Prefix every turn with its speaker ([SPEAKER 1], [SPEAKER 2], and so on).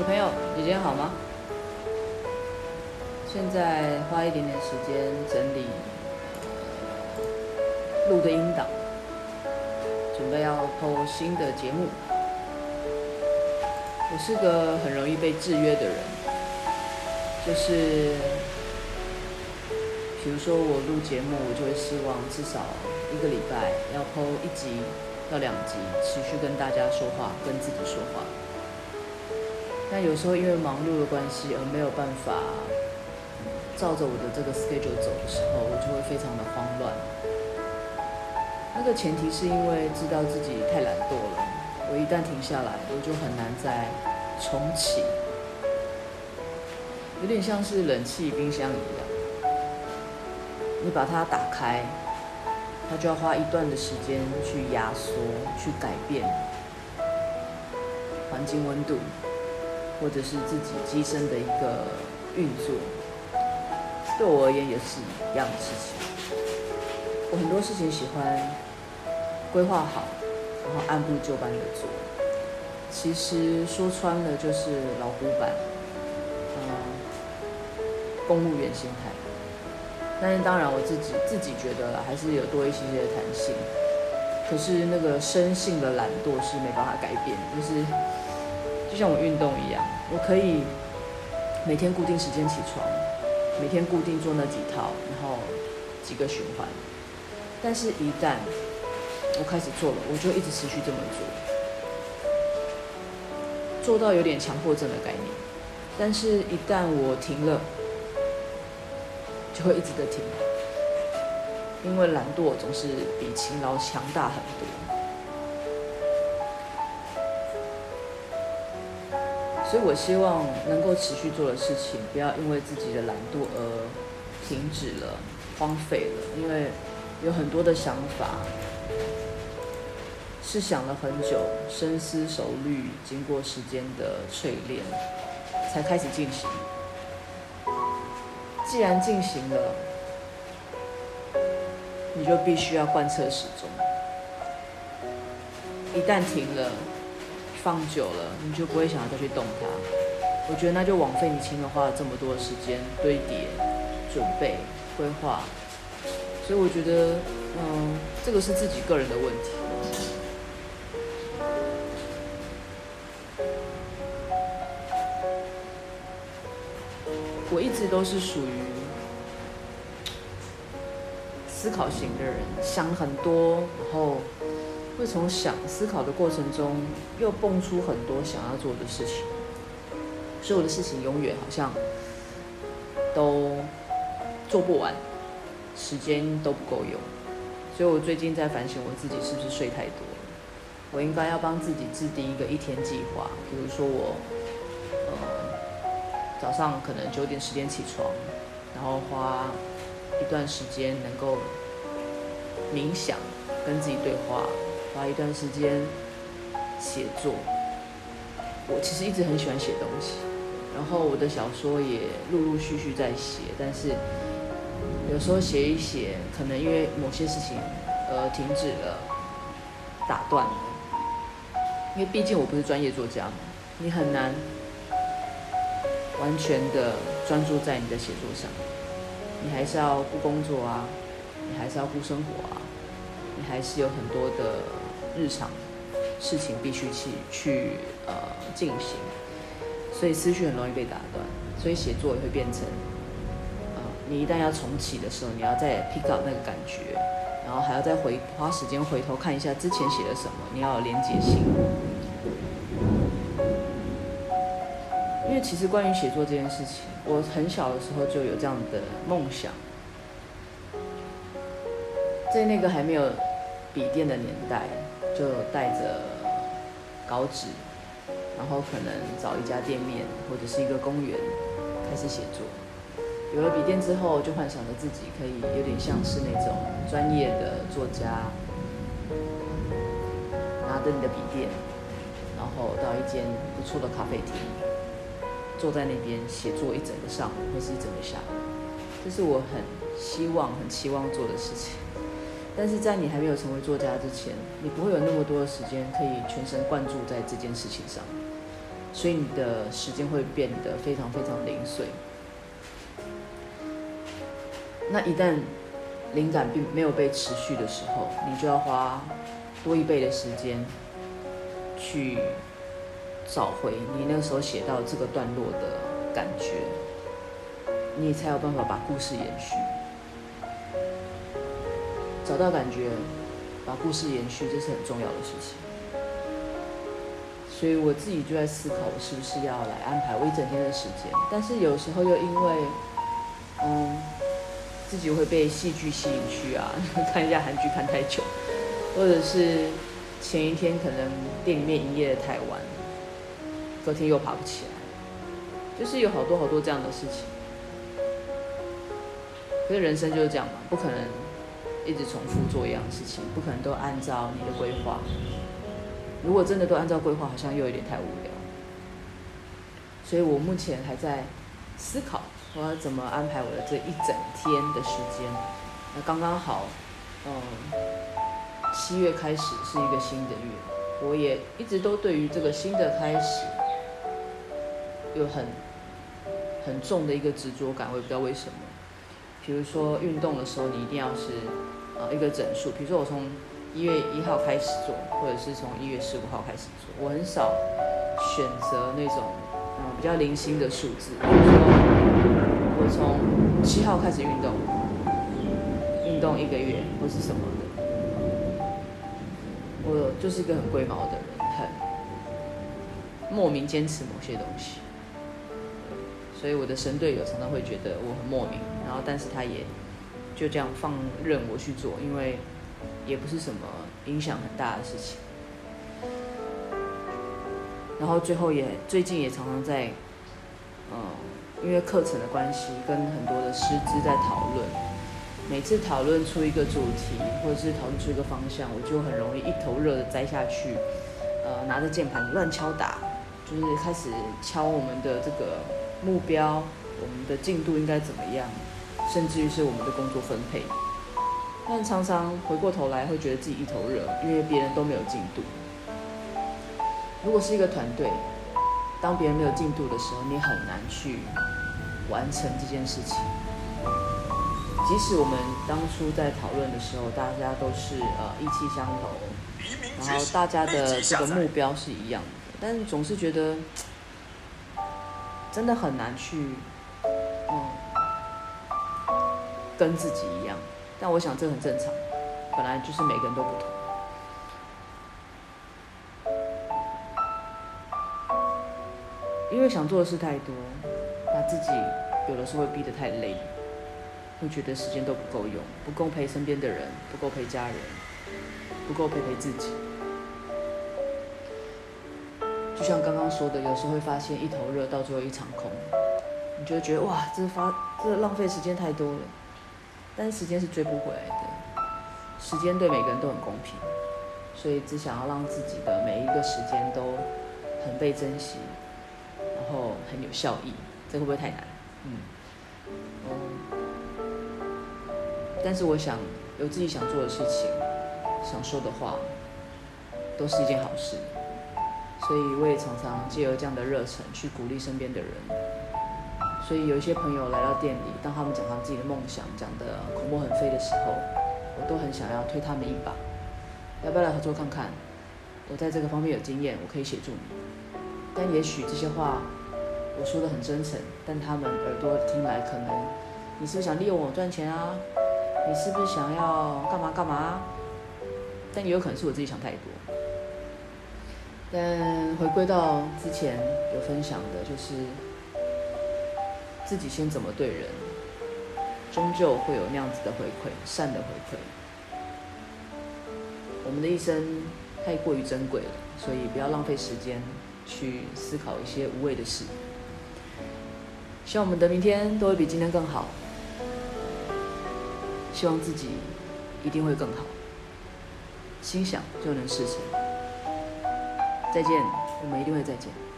[SPEAKER 1] 小朋友，你今天好嗎？現在花一點點時間整理錄的音檔，準備要播新的節目。我是個很容易被制約的人，就是比如說我錄節目，我就會希望，至少一個禮拜要播一集到兩集，持續跟大家說話，跟自己說話。但有時候因為忙碌的關係，而沒有辦法照着我的這個 schedule 走的時候，我就會非常的慌亂。那個前提是因為知道自己太懶惰了，我一旦停下來，我就很難再重啟。有點像是冷氣冰箱一樣，你把它打開，它就要花一段的時間去壓縮，去改變環境溫度。或者是自己機身的一個運作，對我而言也是一樣的事情。我很多事情喜歡規劃好，然後按部就班的做。其實說穿了就是老古板，嗯，公務員心態。但是當然我自己自己覺得啦，還是有多一些些的彈性。可是那個生性的懶惰是沒辦法改變，就是。就像我運動一樣，我可以每天固定時間起床，每天固定做那幾套，然後幾個循環。但是，一旦我開始做了，我就一直持續這麼做，做到有點強迫症的概念。但是，一旦我停了，就會一直地停，因為懶惰總是比勤勞強大很多。所以，我希望能夠持續做的事情，不要因為自己的懶惰而停止了、荒廢了。因為有很多的想法是想了很久、深思熟慮、經過時間的淬煉才開始進行。既然進行了，你就必須要貫徹始終。一旦停了，放久了，你就不會想要再去動它。我覺得那就枉費你親自花了這麼多的時間堆疊、準備、規劃。所以我覺得，嗯，這個是自己個人的問題。我一直都是屬於思考型的人，想很多，然後。會從想思考的過程中，又蹦出很多想要做的事情。所有的事情永遠好像都做不完，時間都不夠用。所以我最近在反省我自己是不是睡太多，我應該要幫自己制定一個一天計劃，比如說我呃、嗯、早上可能九點十點起床，然後花一段時間能夠冥想，跟自己對話。花一段時間寫作，我其實一直很喜歡寫東西，然後我的小說也陸陸續續在寫，但是有時候寫一寫，可能因為某些事情，呃，停止了，打斷了。因為畢竟我不是專業作家，你很難完全的專注在你的寫作上，你還是要顧工作啊，你還是要顧生活啊，你還是有很多的。日常事情必須去去呃進行，所以思緒很容易被打斷，所以寫作也會變成，呃，你一旦要重啟的時候，你要再 pick out 那個感覺，然後還要再回花時間回頭看一下之前寫了什麼，你要有連結性。因為其實關於寫作這件事情，我很小的時候就有這樣的夢想，在那個還沒有筆電的年代。就帶着稿紙，然後可能找一家店面或者是一個公園開始寫作。有了筆電之後，就幻想着自己可以有點像是那種專業的作家，拿着你的筆電，然後到一間不錯的咖啡廳，坐在那邊寫作一整個上午或是一整個下午，這是我很希望、很期望做的事情。但是在你還沒有成為作家之前，你不會有那麼多的時間可以全神貫注在這件事情上，所以你的時間會變得非常非常零碎。那一旦靈感並沒有被持續的時候，你就要花多一倍的時間去找回你那時候寫到這個段落的感覺，你才有辦法把故事延續。找到感覺，把故事延續，這是很重要的事情。所以我自己就在思考，我是不是要來安排我一整天的時間？但是有時候又因為，嗯，自己會被戲劇吸引去啊，看一下韓劇看太久，或者是前一天可能店裡面營業的太晚，隔天又爬不起來，就是有好多好多這樣的事情。可是人生就是這樣嘛，不可能。一直重複做一樣的事情，不可能都按照你的規劃。如果真的都按照規劃，好像又有點太無聊。所以我目前還在思考我要怎麼安排我的這一整天的時間。那剛剛好，嗯，七月開始是一個新的月，我也一直都對於這個新的開始有很很重的一個執着感，我也不知道為什麼。比如說運動的時候，你一定要是，一個整數，比如說我從一月一號開始做，或者是從一月十五號開始做，我很少選擇那種，嗯，比較零星的數字，比如說我從七號開始運動，運動一個月或是什麼的，我就是一個很龜毛的人，很莫名堅持某些東西，所以我的神隊友常常會覺得我很莫名，然後但是他也。就這樣放任我去做，因為也不是什麼影響很大的事情。然後最後也最近也常常在，嗯、呃，因為課程的關係，跟很多的師資在討論。每次討論出一個主題，或者是討論出一個方向，我就很容易一頭熱的栽下去。呃，拿着鍵盤亂敲打，就是開始敲我們的這個目標，我們的進度應該怎麼樣？甚至於是我們的工作分配，但常常回過頭來會覺得自己一頭熱，因為別人都沒有進度。如果是一個團隊，當別人沒有進度的時候，你很難去完成這件事情。即使我們當初在討論的時候，大家都是呃意氣相投，然後大家的這個目標是一樣的，但總是覺得真的很難去。跟自己一樣，但我想這很正常，本來就是每個人都不同。因為想做的事太多，把自己有的時候會逼得太累，會覺得時間都不夠用，不夠陪身邊的人，不夠陪家人，不夠陪陪自己。就像剛剛說的，有時候會發現一頭熱，到最後一場空，你就會覺得哇，這發這浪費時間太多了。但時間是追不回來的，時間對每個人都很公平，所以只想要讓自己的每一個時間都很被珍惜，然後很有效益，這會不會太難？嗯，嗯。但是我想有自己想做的事情，想說的話，都是一件好事，所以我也常常借由這樣的熱忱去鼓勵身邊的人。所以有一些朋友來到店裡，當他們講他們自己的夢想，講得口沫橫飛的時候，我都很想要推他們一把，要不要來合作看看？我在這個方面有經驗，我可以協助你。但也許這些話我說得很真誠，但他們耳朵聽來可能，你是不是想利用我賺錢啊？你是不是想要幹嘛幹嘛？但也有可能是我自己想太多。但回歸到之前有分享的，就是。自己先怎麼對人，終究會有那樣子的回饋，善的回饋。我們的一生太過於珍貴了，所以不要浪費時間去思考一些無謂的事。希望我們的明天都會比今天更好，希望自己一定會更好。心想就能事成。再見，我們一定會再見。